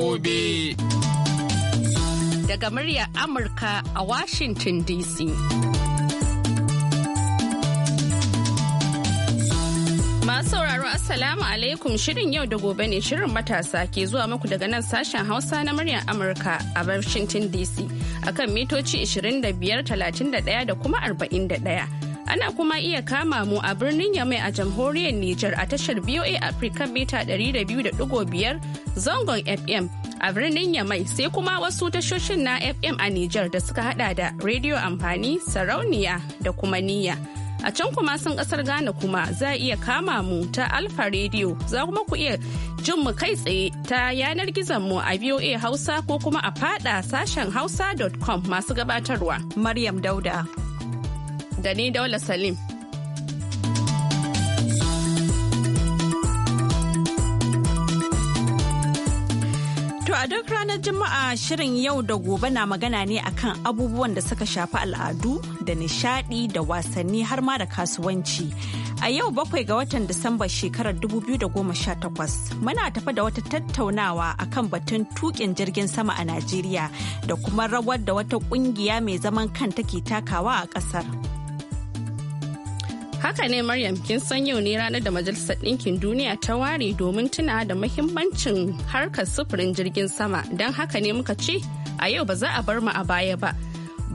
gobe. Daga muryar Amurka a Washington DC. Masu sauraro Assalamu alaikum shirin yau da gobe ne shirin matasa ke zuwa muku daga nan sashen Hausa na muryar Amurka a Washington DC akan mitoci 25, 31 da kuma 41. Ana kuma iya kama mu a birnin Yamai a jamhuriyar Nijar a tashar BOA Africa mita 200.5 zangon FM a birnin Yamai sai kuma wasu tashoshin na FM a Nijar da suka hada da Radio Amfani, Sarauniya da kuma Niyya. A can kuma sun kasar Ghana kuma za a iya kama mu ta Alfa Radio za kuma ku iya jin mu kai tsaye ta yanar gizon mu a BOA Hausa ko kuma a fada sashen hausa.com masu gabatarwa. Maryam Dauda. da ni Daula Salim. To a duk ranar Juma'a shirin yau da gobe na magana ne akan abubuwan da suka shafi al'adu da nishadi da wasanni har ma da kasuwanci. A yau bakwai ga watan Disamba shekarar 2018 muna tafa da wata tattaunawa akan batun tukin jirgin sama a Najeriya da kuma rawar da wata kungiya mai zaman kan take takawa a kasar. Haka ne Maryam kin san yau ne ranar da Majalisar Ɗinkin Duniya ta ware domin tuna da mahimmancin harkar sufurin jirgin sama don haka ne muka ce a yau ba za a bar mu a baya ba.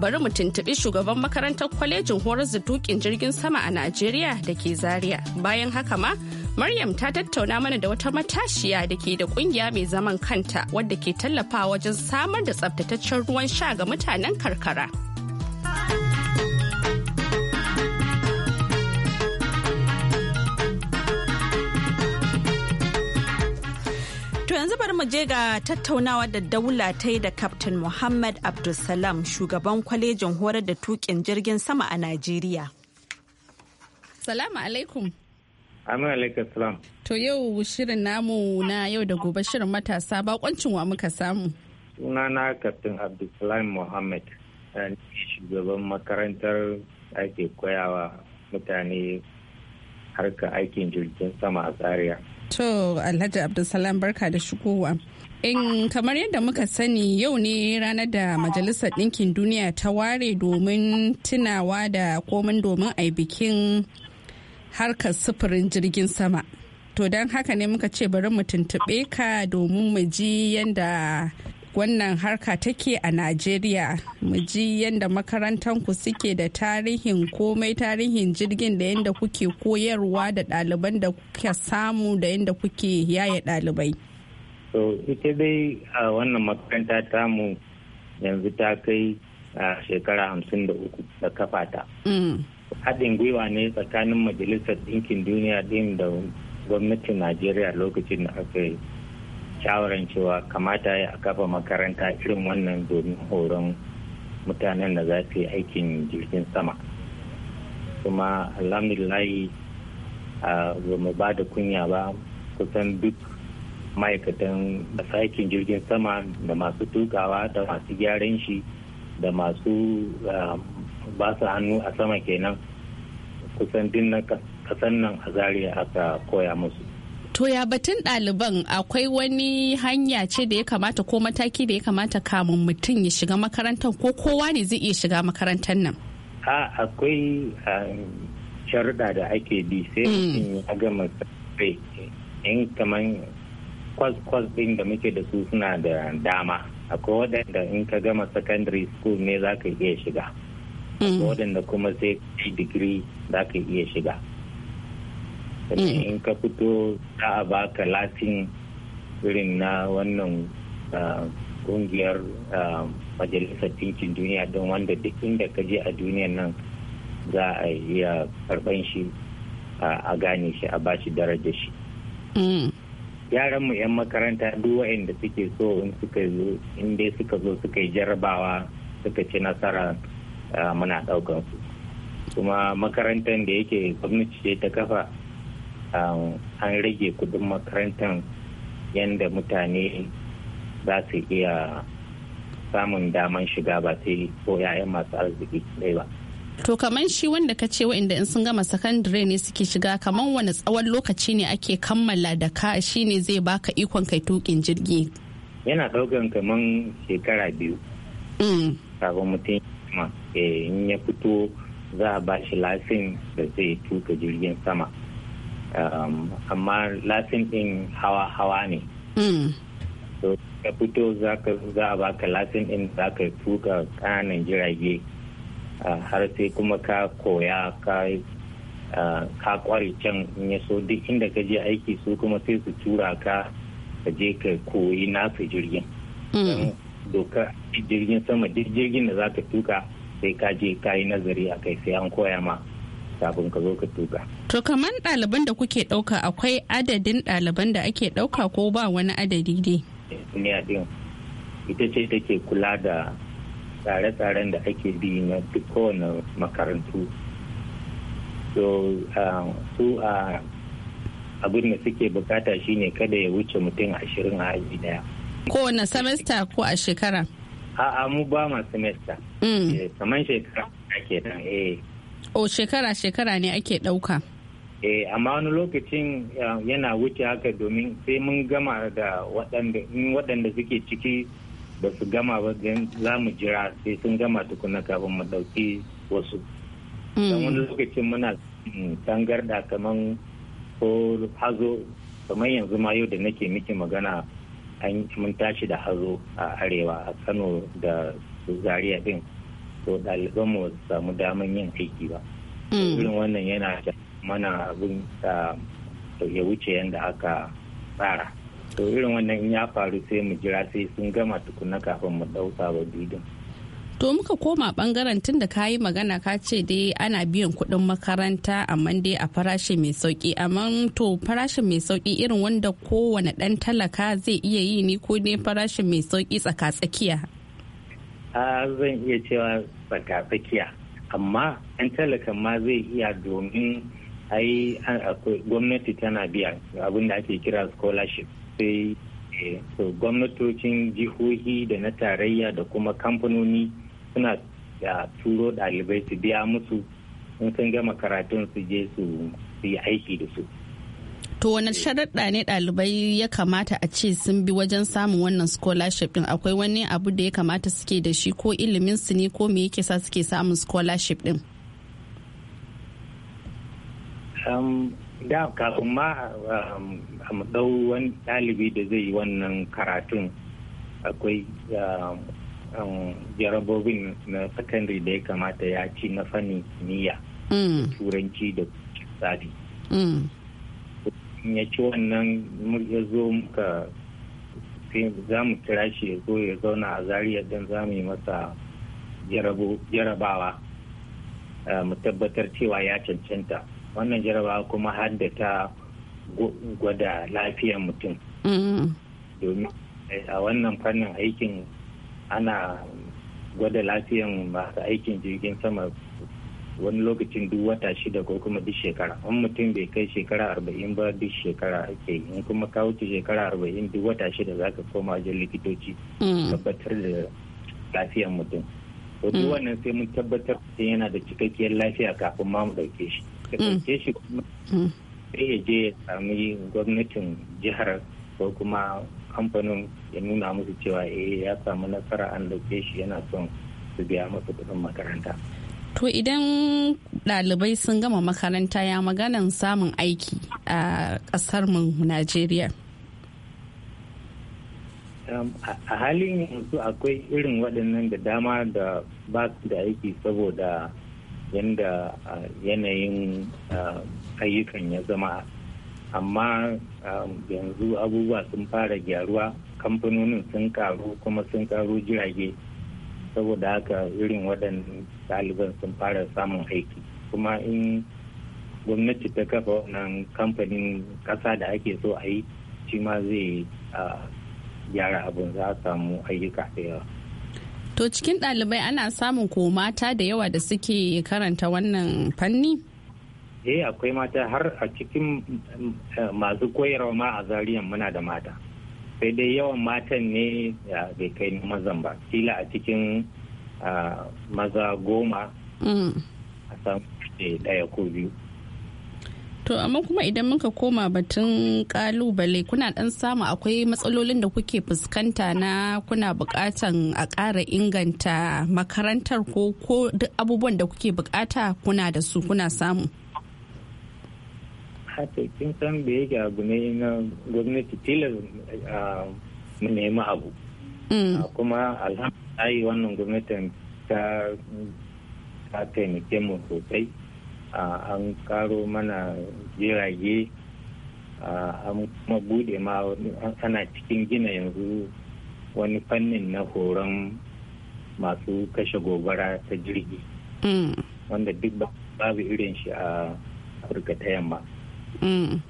Bari mu tuntuɓi shugaban makarantar kwalejin horar da tukin jirgin sama a Najeriya da ke Zaria. Bayan haka ma, Maryam ta tattauna mana da wata matashiya da ke da ƙungiya mai zaman kanta wadda ke tallafa wajen samar da tsabtataccen ruwan sha ga mutanen karkara. mu je ga tattaunawa da daula ta yi da Captain Muhammad Abdulsalam shugaban kwalejin horar da tukin jirgin sama a Najeriya. Salamu alaikum. Amin alaikum salam. To yau shirin namu na yau da gobe shirin matasa bakoncin wa muka samu. Sunana Captain Abdulsalam Muhammad eh, shugaban makarantar ake koyawa mutane harka aikin jirgin sama a tsariya. To Alhaji Abdulsalam barka da shigowa. In kamar yadda muka sani yau ne ranar da Majalisar Ɗinkin Duniya ta ware domin tunawa da komin domin a bikin harkar sufurin jirgin sama. To don haka ne muka ce bari mu tuntuɓe ka domin mu ji yadda wannan harka take a najeriya muji ji yadda ku suke da tarihin komai tarihin jirgin da yadda kuke koyarwa da ɗaliban da kuke samu da yadda kuke yaya ɗalibai so ita dai a wannan makaranta tamu yanzu ta kai a shekara hamsin da uku da kafata mm. haɗin gwiwa ne tsakanin majalisar ɗinkin duniya ɗin da gwamnatin najeriya lokacin da aka yi shawarar cewa kamata ya a kafa makaranta irin wannan domin horon mutanen da za su yi aikin jirgin sama kuma alhamdulahi ba mu ba da kunya ba kusan duk ma'aikatan aikin jirgin sama da masu tukawa da masu gyaran shi da masu ba su hannu a sama kenan kusan duk na kasan nan a zariya aka koya musu To ya batun ɗaliban akwai wani hanya ce da ya kamata ko mataki da ya kamata kamun mutum ya shiga makarantar ko kowa ne zai iya shiga makarantar nan? A akwai sharuɗa da ake bi sai mm. mutum ya gama sai in kamar kwas-kwas ɗin da muke da su suna da dama. Akwai waɗanda in ka gama secondary school ne za ka iya shiga. Mm. Akwai waɗanda kuma sai digiri za ka iya shiga. Mm. in ka fito za a baka latin irin na wannan ah, kungiyar ah, majalisar tinkin duniya don wanda duk inda ka je a duniya nan za a iya karban shi a gane shi a bashi daraja shi mm. yaranmu 'yan makaranta duk waɗanda suke so in suka zo in dai suka zo suka yi jarabawa suka ci nasara ah, muna ɗaukan su kuma makarantar da yake gwamnati ce ta kafa Um, an rage kudin makarantar yadda mutane za su iya samun daman shiga ba sai ko 'ya'yan masu arziki ɗaya ba. To kaman shi wanda ka ce wa'inda in sun gama sakandare ne suke shiga kamar wani tsawon lokaci ne ake kammala da ka shi ne zai baka ikon kai tukin jirgi. Yana daukan kamar shekara biyu. sabon mm. mutum eh, in ya fito za a ba shi lasin da zai tuka jirgin sama. Um, amma lasin din hawa-hawa ne hmm. so ka fito za a baka lasin din za ka tuka kananan jirage uh, har sai kuma ka koya ka uh, kware can ya so duk inda ka je aiki su kuma sai su tura ka ka je ka koyi nasu jirgin hmm. doka jirgin sama duk jirgin da za ka tuka sai ka je ka yi nazari a kai sai an koya ma kafin ka zo ka tuka. To kamar ɗaliban da kuke ɗauka akwai adadin ɗaliban da ake ɗauka ko ba wani adadi dai? Duniya ɗin ita ce take kula da tsare-tsaren da ake bi na duk kowane makarantu. So su a abin da suke bukata shine kada ya wuce mutum ashirin a aji daya. Kowane semester ko a shekara? A'a mu ba ma semester. Mm. Eh, kamar shekara ake nan eh. o shekara shekara ne ake ɗauka eh amma wani lokacin yana wuce haka domin sai mun gama da waɗanda suke ciki ba su gama ba za mu jira sai sun gama tukuna kafin mu ɗauki wasu hmm. don wani lokacin muna hmm, tangarda kaman ko hazo kamar yanzu ma yau da nake miki magana an mun tashi da hazo a arewa a kano da zaria din so ɗaliban mu su samu daman yin aiki ba mm. irin wannan yana da mana abin ya wuce yadda aka tsara to irin wannan in ya faru sai mu jira sai sun gama tukuna kafin mu ɗauka ba bidin To muka koma bangaren tun da kayi magana ka ce dai ana biyan kuɗin makaranta amma dai a farashi mai sauki amma to farashin mai sauki irin wanda kowane ɗan talaka zai iya yi ne ko ne farashin mai sauki tsaka tsakiya. A zan iya cewa tsakiya amma an talaka ma zai iya domin ai gwamnati tana biya abin da ake kira scholarship sai so eh, gwamnatocin jihohi da na tarayya da kuma kamfanoni suna da turo ɗalibai su biya musu in sun gama karatun su je su yi aiki da su to wani sharaɗa ne ɗalibai ya kamata a ce sun bi wajen samun wannan scholarship ɗin akwai wani abu da ya kamata suke da shi ko ilimin su ne ko me yake sa suke samun scholarship din da kafin ma a ɗau wani ɗalibi da zai yi wannan karatun akwai jarabobin na secondary da ya kamata ya ci na fannin kimiyya mm. turanci da tsari mm. ya ci wannan ya zo muka za mu kira shi ya zo ya zauna a zariya don za mu yi masa jarabawa mu tabbatar cewa ya cancanta wannan jarabawa kuma ta gwada lafiyar mutum mm-hmm. domin eh, a wannan fannin aikin ana gwada lafiyan masu aikin jirgin sama wani lokacin duk wata shida ko kuma duk shekara in mutum bai kai shekara arba'in ba duk shekara ake yi in kuma ka wuce shekara arba'in duk wata shida za ka koma wajen likitoci mm. tabbatar da lafiyar mutum to duk mm. wannan sai mun tabbatar da yana da cikakkiyar lafiya kafin ma mu ɗauke shi ka mm. ɗauke shi kuma sai ya je ya sami gwamnatin jihar ko kuma kamfanin ya nuna musu cewa eh ya samu nasara an ɗauke shi yana son su biya masa kuɗin makaranta. to idan ɗalibai sun gama makaranta ya maganan samun aiki a ƙasar mu najeriya um, a halin yanzu akwai irin waɗannan da dama da ba su da aiki saboda yadda uh, yanayin uh, ayyukan ya zama amma um, yanzu abubuwa sun fara gyaruwa kamfanonin sun karu kuma sun karu jirage saboda haka irin waɗannan ɗaliban sun fara samun aiki kuma in gwamnati ta kafa wannan kamfanin ƙasa da ake so a yi shi ma zai gyara abin za a samu ayyuka da yawa to cikin ɗalibai ana samun ko mata da yawa da suke karanta wannan fanni eh akwai mata har a cikin eh, masu koyarwa ma a zariyan muna da mata sai dai yawan matan ne ya bai kai na mazan ba kila a cikin maza goma mm. a san ɗaya ko biyu to amma kuma idan muka koma batun kalubale kuna dan samu akwai matsalolin da kuke fuskanta na kuna bukatan a ƙara inganta makarantar ko duk abubuwan da kuke bukata kuna da su kuna samu haka kin san da yake abu ne na gwamnati tilar mu nemi abu mm. kuma yi wannan gwamnatin ta ta taimake mu sosai an karo mana jirage an kuma bude ma ana cikin gina yanzu wani fannin na horon masu kashe gobara ta jirgi mm. wanda duk babu irin shi a afirka ta yamma sannan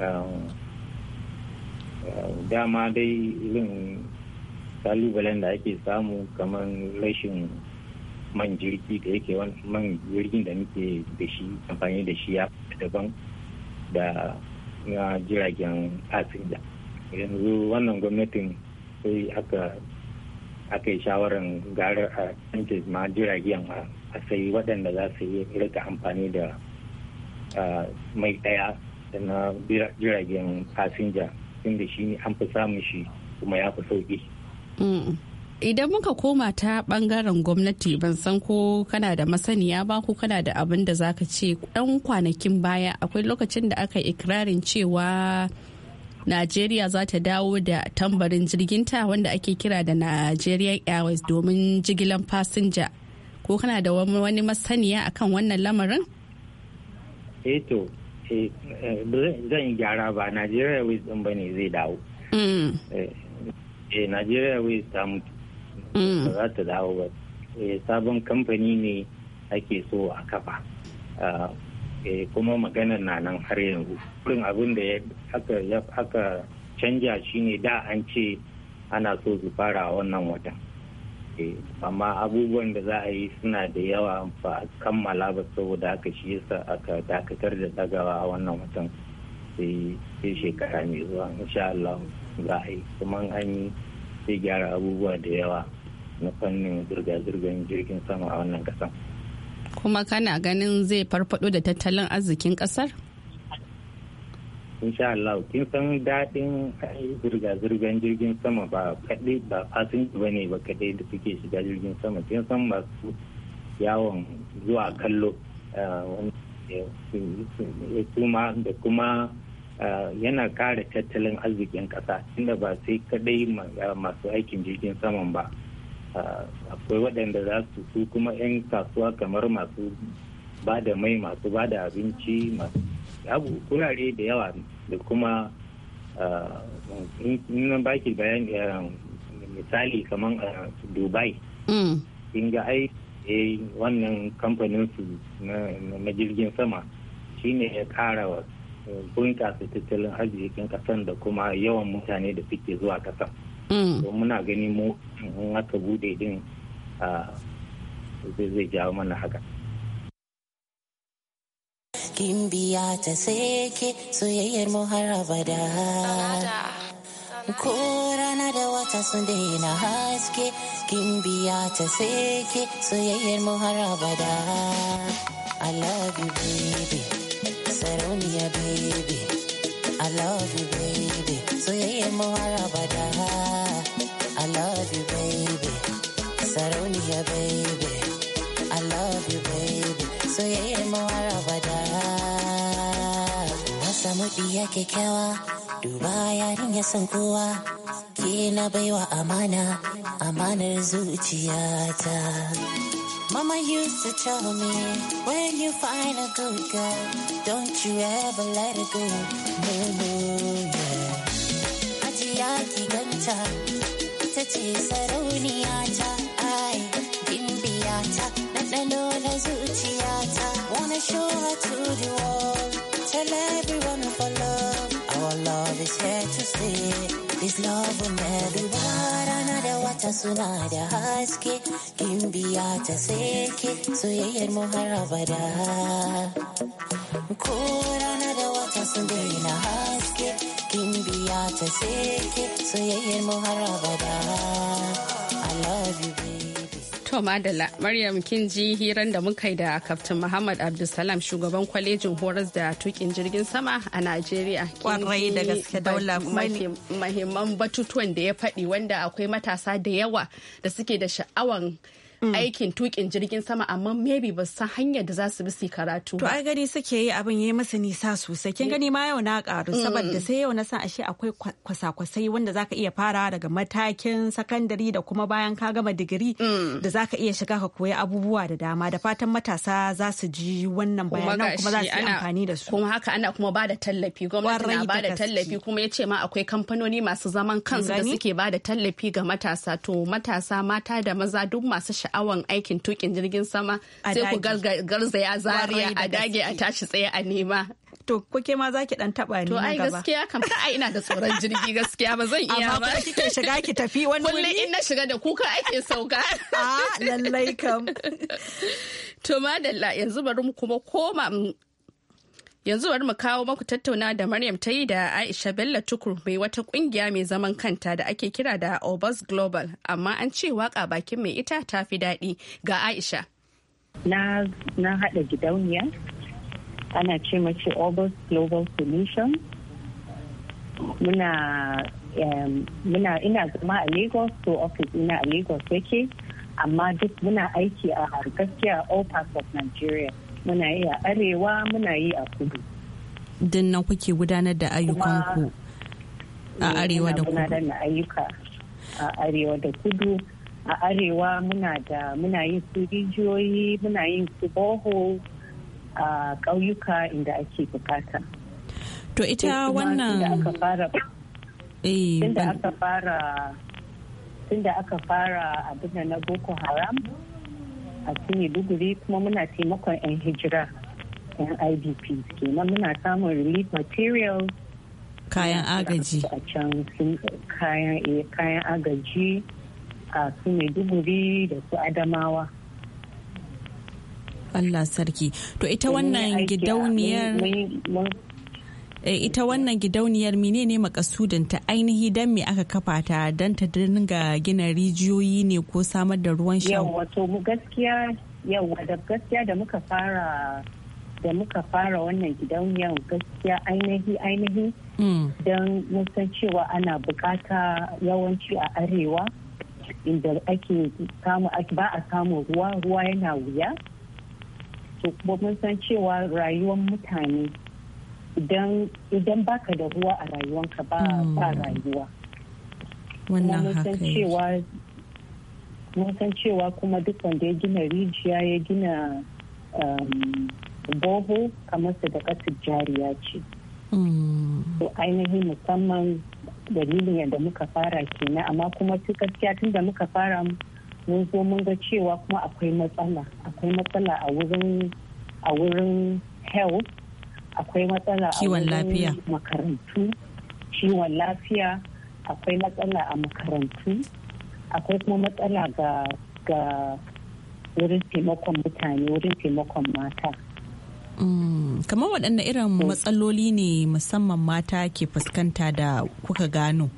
um, um, dama dai irin kalubalen da ake samu kamar rashin man jirgi da yake man jirgin da muke da shi amfani da shi ya daban da na jiragen asirya yanzu wannan gwamnatin sai aka aka yi shawarar gara a ma jiragen a sai waɗanda za su yi rika amfani da mai ɗaya da na jiragen fasinja inda shi ne an fi samun shi kuma ya fi sauki. Mm. Idan muka koma ta ɓangaren gwamnati ban san ko kana da masaniya ba ko kana da abin da zaka ce ɗan kwanakin baya akwai lokacin da aka ikirarin cewa Najeriya za ta dawo da tambarin jirgin ta wanda ake kira da Nigerian Airways domin jigilan fasinja. Ko kana da wani masaniya akan wannan lamarin? eh to eh, eh, zan gyara ba nigeria airways din ne zai dawo. Mm. Eh, eh nigeria airways ta mutu. Mm. Ba za ta dawo ba. sabon kamfani ne ake so a kafa. Ah, kuma maganar na nan har yanzu. Kurin abin da aka canja shine da an ce ana so su fara wannan watan. Eh, amma abubuwan da za a yi suna da yawa ba kammala ba saboda aka shi yasa aka dakatar da dagawa a wannan watan sai shekara mai zuwa insha Allah za a yi kuma an yi sai gyara abubuwa da yawa na fannin zirga-zirgar jirgin sama a wannan kasan. kuma kana ganin zai farfado da tattalin arzikin kasar? insha Allah kin san daɗin zirga-zirgar jirgin sama ba kaɗai ba fasin ba ne ba kaɗai da suke shiga jirgin sama kin san masu yawon zuwa kallo eh, eh, da kuma eh, yana kare tattalin arzikin ƙasa inda ba sai kaɗai masu aikin jirgin saman ba akwai waɗanda za su su kuma 'yan kasuwa kamar masu ba da mai masu ba da abinci masu abu kurare da yawa da kuma ah, nan baki bayani ah, misali kamar a ah, dubai mm. in ga ai eh, wannan kamfanin su na jirgin sama shine ya kara wa eh, bunkasa tattalin arzikin kasan da kuma yawan mutane da suke zuwa kasan mm. don muna gani mu in aka bude din zai jawo mana haka kimbiya biya ta seke soyayyar mu har abada ko rana da wata sun daina haske kin biya ta seke soyayyar mu har abada i love you baby sarauniya baby i love you baby soyayyar mu har abada i love you baby sarauniya baby i love you baby soyayyar mu har abada ke kyakkyawa duba yarin ya san kowa ke na baiwa amana amanar zuciyata Mama used to tell me, when you find a good girl, don't you ever let her go. No, no, yeah. Ajiya ki ganta, ita ce sarauniya ta, ai, gimbiya ta, ɗanɗano na zuciyata. Wanna show her to the world. Tell everyone of our love. Our love is here to stay. This love will never be what wara na da wata suna da haske. Gimbiya ta sake soyayyar mu har abada. Ko rana da wata sun daina haske. Gimbiya ta sake soyayyar mu har abada. To Madala, Maryam kinji hiran da muka yi da Kaftin Muhammad Abdulsalam shugaban kwalejin horas da tukin jirgin sama a Najeriya. Kwarai da gaske daula mahimman batutuwan da ya faɗi wanda akwai matasa da yawa da suke da sha'awan Mm. aikin tukin jirgin sama amma maybe ba san hanyar da za su bi su karatu to ai gani suke yi abin yayi masa nisa sosai kin mm. gani ma yau na karu mm. saboda sai yau na san ashe akwai kwasa-kwasai wanda zaka iya fara daga matakin sakandare da kuma bayan ka gama digiri da zaka iya shiga ka koyi abubuwa da dama da fatan matasa za su ji wannan bayanan kuma za su yi amfani da su kuma haka ana kuma bada tallafi gwamnati na bada tallafi kuma ya ce ma akwai kamfanoni masu zaman kansu da suke bada tallafi ga matasa to matasa mata da maza duk masu sha'awan aikin tukin jirgin sama sai ku garzaya zaria a dage a tashi tsaye a nema to kuke ma ma zaki dan taba ni gaba. to ai gaskiya kam ta ai ina da tsoron jirgi gaskiya ba zan iya ba amma kike shiga ki tafi wani Kullum in na shiga da kuka ake sauka a ah, lallai kam to madalla yanzu bari mu kuma koma mm, Yanzu bari mu kawo maku tattauna da Maryam ta yi da Aisha Bello Tukur mai wata kungiya mai zaman kanta da ake kira da Obas Global, amma an ce waka bakin mai ita ta fi daɗi ga Aisha. Na haɗa gidauniya, ana ce mace Obas Global Solution. Muna, muna ina zama a Lagos, to office ina a Lagos yake, amma duk muna aiki a gaskiya All Parts of Nigeria. muna yi a arewa muna yi a kudu nan kuke gudanar da ayyukanku a eh, arewa da kudu ayyuka a arewa da kudu a arewa muna da muna yin su rijiyoyi muna yin su boho a ƙauyuka inda ake bukata to ita wannan tunda eh, aka fara abin da na boko haram a duguri kuma muna taimakon 'yan hijira 'yan idp kenan muna samun relief materials kayan agaji a can eh, kayan agaji a su duguri da su adamawa Allah sarki to ita wannan gidauniyar Eh, ita wannan gidauniyar menene makasudin ta ainihi don me aka kafa ta don ta dinga gina rijiyoyi ne ko samar da ruwan sha yawa to mu gaskiya yawa da gaskiya da muka fara da muka fara wannan gidauniyar gaskiya ainihi ainihi hmm. don mun cewa ana bukata yawanci a arewa inda ake samu ba a samu ruwa ruwa yana wuya to kuma mun san cewa rayuwar mutane idan baka da ruwa a rayuwanka ba hmm. ba rayuwa wannan haka cewa mun san cewa kuma duk wanda ya gina rijiya ya gina um, boho kamar su da kasar jariya ce hmm. to ainihin musamman dalilin yadda muka fara kenan amma kuma su gaskiya tun da muka fara mun zo mun ga cewa kuma akwai matsala akwai matsala a wurin a wurin health akwai matsala kiwon makarantu ciwon lafiya akwai matsala a makarantu akwai kuma matsala ga ga wurin taimakon mutane wurin taimakon mata mm, kamar waɗanne irin mm. matsaloli ne musamman mata ke fuskanta da kuka gano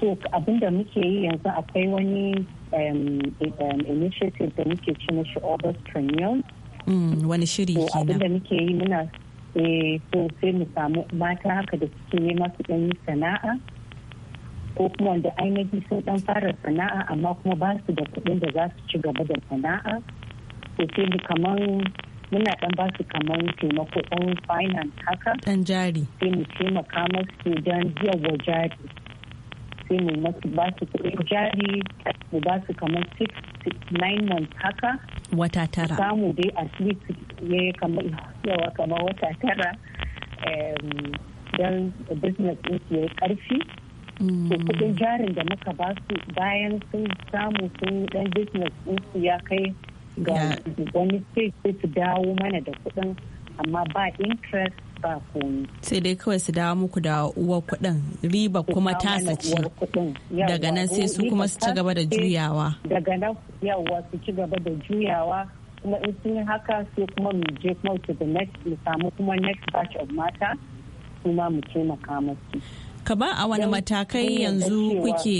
so da muke yi yanzu akwai wani initiative da muke ci na shi august Mm, wani shiri eh, kenan. abin da muke yi muna eh, so sai mu samu mata haka da suke yi masu ɗan sana'a ko kuma wanda ainihi sun ɗan fara sana'a amma kuma ba su da kuɗin da za su ci gaba da sana'a So sai mu kaman muna ɗan ba su kaman taimako ɗan finance haka. Ɗan jari. Sai mu taimaka masu don wa jari. sai mu masu ba su kuɗin jari mu ba su kamar 6-9 months haka wata tara samu dai at least ya kamar yawa kamar wata tara don business din su yi karfi mm. to kuɗin jarin da muka ba su bayan sun samu sun dan business din su ya kai ga wani stage sai su dawo mana da kuɗin amma ba interest ba komi sai dai kawai su dawo muku da uwa kuɗin riba kuma tasa ce daga nan sai su kuma su ci gaba da juyawa daga nan yawa su ci gaba da juyawa kuma in sun haka sai kuma mu je kuma to the next mu samu kuma next batch of mata kuma mu taimaka musu. ba a wani matakai yanzu kuke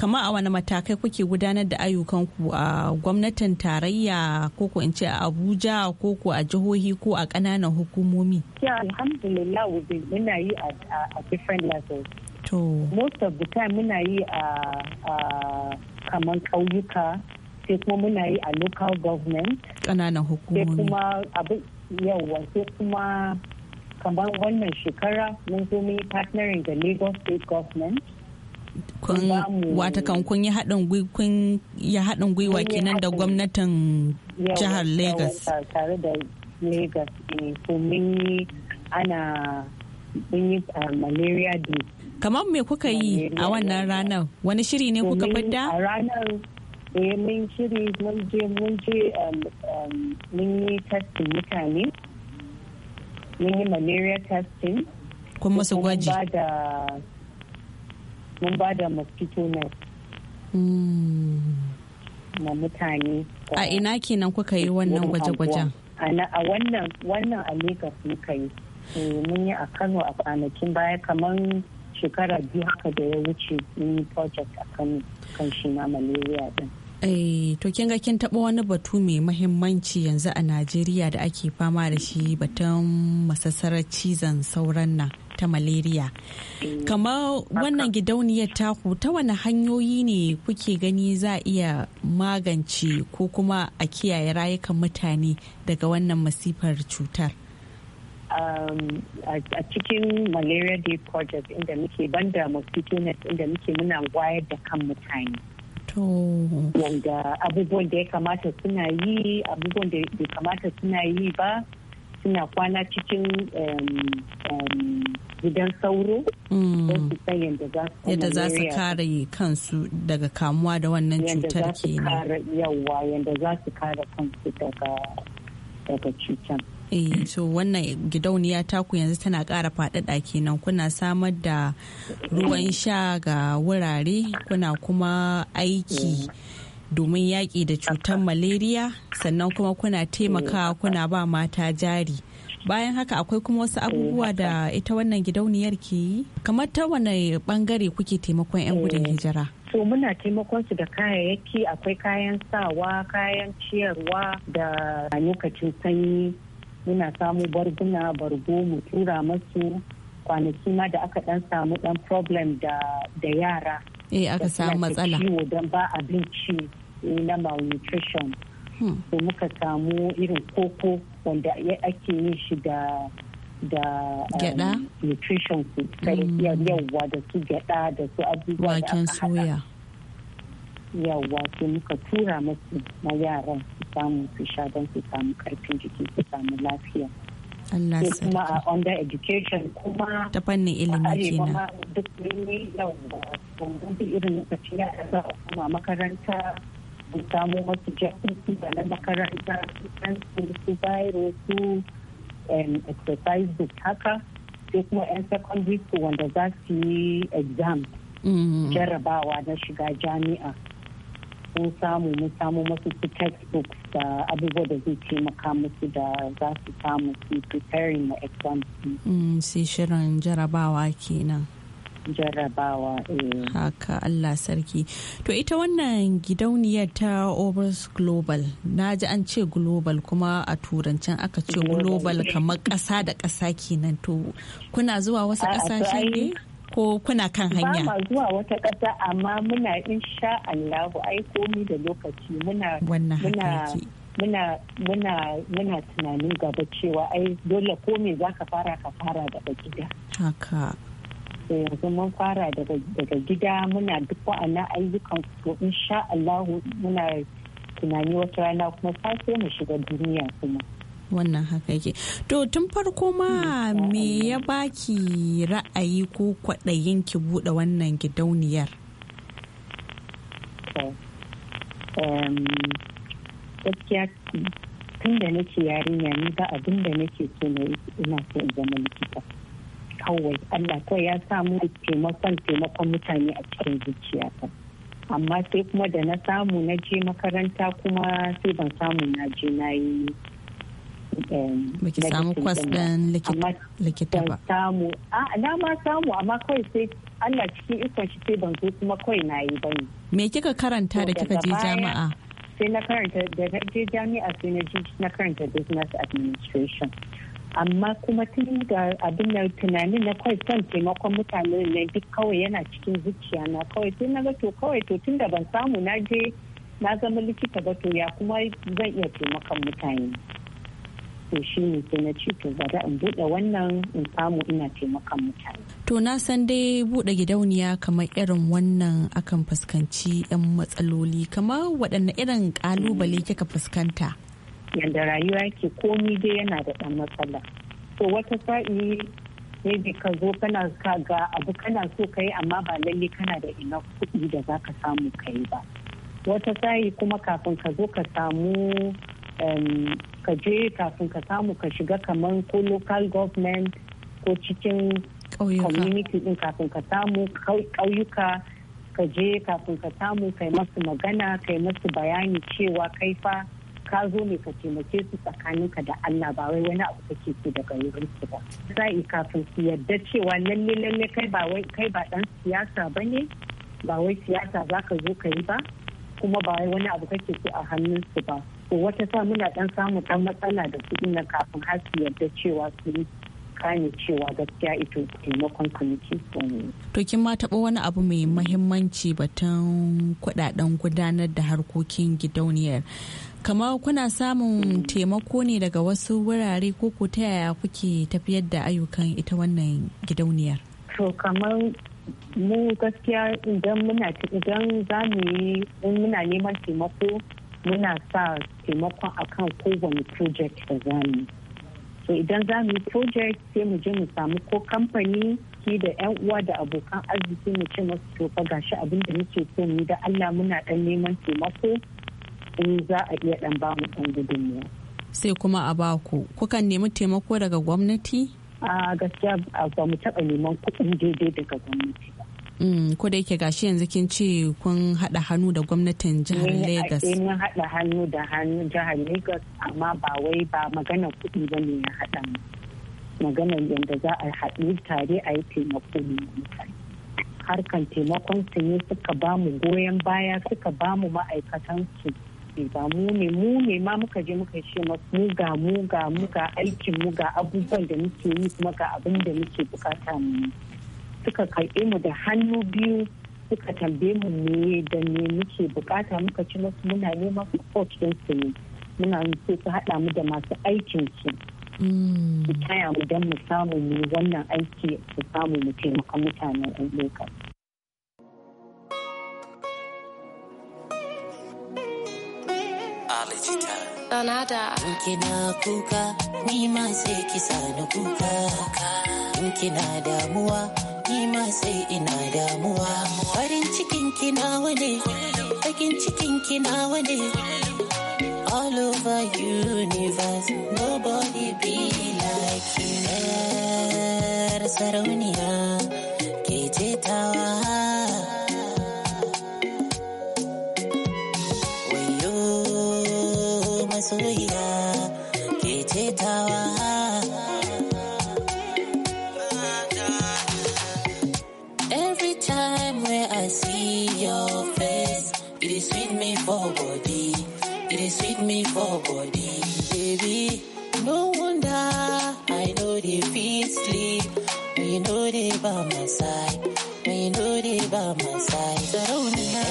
kama a wani matakai kuke gudanar da ayyukanku a gwamnatin tarayya ko ko in ce a abuja ko ko a jihohi ko a ƙananan hukumomi yeah alhamdulillah muna yi a different levels to most of the time muna yi a kaman ƙauyuka sai kuma muna yi a local government ƙananan hukumomi sai kuma abu yawa sai kuma kamar wannan shekara mun zo mun yi partnering da lagos state government kun wata kan kun yi haɗin kun yi haɗin gwiwa kenan da gwamnatin jihar Lagos tare da Lagos ko eh, mun yi ana mun yi ah, malaria day kamar me kuka yi a wannan ranar wani shiri ne kuka fidda a ranar eh mun shiri mun je mun je um, um, mun yi testing mutane mun yi malaria testing kuma su gwaji mun ba da mosquito net hmm. ma mutane a ina kenan kuka yi wannan gwaje-gwajen a wannan wannan a lagos muka yi eh, mun yi a kano a kwanakin baya kamar shekara biyu haka da ya wuce mun yi project a kano kan shi na malaria din Ai, eh, to kin ga kin taɓa wani batu mai mahimmanci yanzu a Najeriya da ake fama da shi batun masassarar cizon sauran nan ta malaria eh, kamar wannan gidauniyar taku ta wani hanyoyi ne kuke gani za a iya magance ko kuma a kiyaye rayukan mutane daga wannan masifar cutar um, a cikin malaria day project inda muke banda mosquito net inda muke muna wayar da kan mutane wanda abubuwan da ya kamata suna yi abubuwan da ya kamata suna yi ba suna kwana cikin gidan sauro hmm. su yadda za su kare kansu daga kamuwa da wannan cutar ke yawa yadda za su kare kansu daga cutar eh so wannan gidauniya taku yanzu tana ƙara faɗaɗa kenan kuna samar da ruwan sha ga wurare kuna kuma aiki mm. domin yaƙi da cutar malaria sannan kuma kuna taimakawa kuna ba mata jari bayan haka akwai kuma wasu abubuwa da ita wannan gidauniyar ke yi kamar ta wane bangare kuke taimakon 'yan gudun eh, hijira to muna taimakon su da kayayyaki akwai kayan sawa kayan ciyarwa da lokacin sanyi muna samu barguna bargo mu tura masu kwanaki ma da aka dan samu dan problem da yara eh aka samu matsala ciwo don ba abinci na malnutrition hmm. to muka samu irin koko wanda ake yin shi da da gyada um, nutrition sosai yawwa hmm. da su gyada da su abubuwa da soya yawwa sai muka tura masu na yaran su samu su sha don su samu karfin jiki su samu lafiya Allah sai kuma a under education kuma ta fannin ilimi kenan duk ne yau da irin lokaci ya za a kuma makaranta su samu masu jakutu da na makaranta su pencil su biro su exercise book haka sai kuma yan secondary school wanda za su yi exam mm. jarabawa na shiga jami'a mun samu mun samu masu su textbooks da abubuwa da zai taimaka musu da za su samu su preparing na exam mm, su shirin jarabawa kenan jarabawa eh. haka Allah sarki to ita wannan gidauniyar ta Obers Global na ji an ce global kuma a turancin aka ce global kamar ƙasa da ƙasa kenan to kuna zuwa wasu ƙasashe ne? ko kuna kan hanya? Ba zuwa wata ƙasa amma muna insha Allahu ai komi da lokaci muna muna muna muna muna tunanin gaba cewa ai dole komi zaka za ka fara ka fara daga gida. Haka. yanzu mun fara daga gida muna duk wa'ana ayyukan to insha Allahu muna tunani wata rana kuma sai mu shiga duniya kuma. wannan haka yake to tun farko ma me ya baki ra'ayi ko kwaɗayin ki buɗe wannan gidauniyar gaskiya tun da nake yarinya ni ba abin da nake so na ina so in zama likita kawai Allah kawai ya samu taimakon taimakon mutane a cikin zuciya ta amma sai kuma da na samu na je makaranta kuma sai ban samu na je na yi baki samu kwas ɗin likita ba samu na ma samu amma kawai sai Allah cikin ikon shi sai ban zo kuma kawai na yi bane me kika karanta da kika je jami'a sai na karanta da je jami'a sai na na karanta business administration amma kuma tun da abin da tunanin na kawai son taimakon mutane ne duk kawai yana cikin zuciya na kawai tun na ga to kawai to tun da ban samu na je na zama likita ba to ya kuma zan iya taimakon mutane to shi ne sai na ci bari in buɗe wannan in samu ina taimakon mutane. To na san dai buɗe gidauniya kamar irin wannan akan fuskanci 'yan matsaloli kamar waɗanne irin ƙalubale mm-hmm. kika fuskanta. Yanda rayuwa ke komi dai yana da ɗan matsala. To wata sa'i bi ka zo kana ka ga abu kana so ka yi amma ba lalle kana da ina kuɗi da za ka samu ka yi ba. Wata sa'i kuma kafin ka zo ka samu ka je kafin ka samu ka shiga kamar ko local government ko cikin community din kafin ka samu ƙauyuka ka je kafin ka samu kai masu magana kai masu bayani cewa kai fa ka zo ne ka taimake su tsakanin ka da Allah ba wai wani abu kake ke daga wurin su ba sai kafin su yadda cewa lalle lalle kai ba wai kai ba dan siyasa bane ba wai siyasa zaka zo ka yi ba kuma ba wai wani abu kake ke a hannun su ba ko wata sa muna dan samun dan matsala da kuɗi na kafin har su yarda cewa su kane cewa gaskiya ito taimakon kwamiti to kin ma taɓa wani abu mai mahimmanci batun kuɗaɗen gudanar da harkokin gidauniyar kamar kuna samun taimako ne daga wasu wurare ko ko ta yaya kuke tafiyar da ayyukan ita wannan gidauniyar to kamar mu gaskiya idan muna idan za mu yi muna neman taimako muna sa taimakon akan kowane project da mu so idan za mu yi project sai mu je mu samu ko kamfani ki da yan uwa da abokan arziki mu ce masu to fa gashi abin da muke so mu da Allah muna dan neman taimako in za a iya dan ba mu dan gudunmuwa sai kuma a ba ku kukan nemi taimako daga gwamnati a gaskiya ba mu taɓa neman kuɗin daidai daga gwamnati Mm, ko da yake gashi yanzu kin ce kun haɗa hannu da gwamnatin jihar Ni Mun haɗa hannu da hannun jihar Legas amma ba wai ba magana kuɗi ba ne ya haɗa mu. yadda za a haɗu tare a yi taimako ne Harkan taimakon su ne suka ba mu goyon baya suka ba mu ma'aikatan su. Ba mu ne mu ne ma muka je muka ce mu ga mu ga mu ga aikin mu ga abubuwan da muke yi kuma ga abin da muke bukata mu. suka karɓe mu da hannu biyu suka tambaye mu me da me muke bukata muka ci musu muna neman support din su ne muna so su haɗa mu da masu aikin su mm. su taya mu don mu samu ne wannan aiki su samu mu taimaka mutanen ɗan Sanada. kina kuka, ni ma sai ki sani kuka. In damuwa, ki ma sai ina damuwa farin cikin ki nawa ne bakin cikin ki nawa all over universe nobody be like you sarauniya ke ce tawa for body, baby. No wonder I know they feel sleep. We know they by my side. We know they by my side. Sarauniya,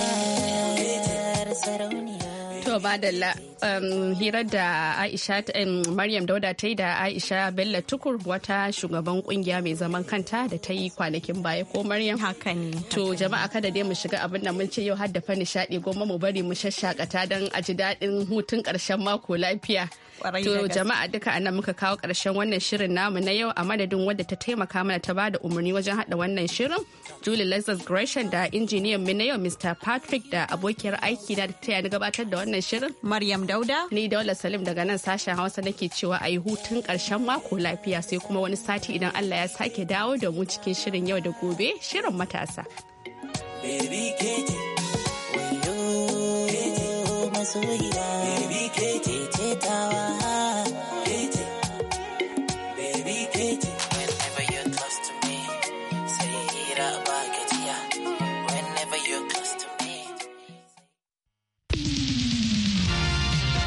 sarauniya. To, badalla. Um, hirar da Aisha um, Maryam Dauda ta yi da Aisha Bello Tukur wata shugaban kungiya mai zaman kanta da ta yi kwanakin baya ko Maryam. Haka ne. To jama'a kada dai mu shiga abin da mun ce yau har da fa nishaɗi goma mu bari mu shashakata don a ji daɗin hutun ƙarshen mako lafiya. To jama'a duka anan muka kawo ƙarshen wannan shirin namu na yau a madadin wadda ta taimaka mana ta bada umarni wajen hada wannan shirin. Julie Lazarus Gresham da injiniyan mu na yau Mr. Patrick da abokiyar aiki na da ta gabatar da wannan shirin. Maryam Dauda. Ni Daula Salim daga nan sashen Hausa nake cewa a yi hutun ƙarshen mako lafiya sai kuma wani sati idan Allah ya sake dawo da mu cikin shirin yau da gobe shirin matasa.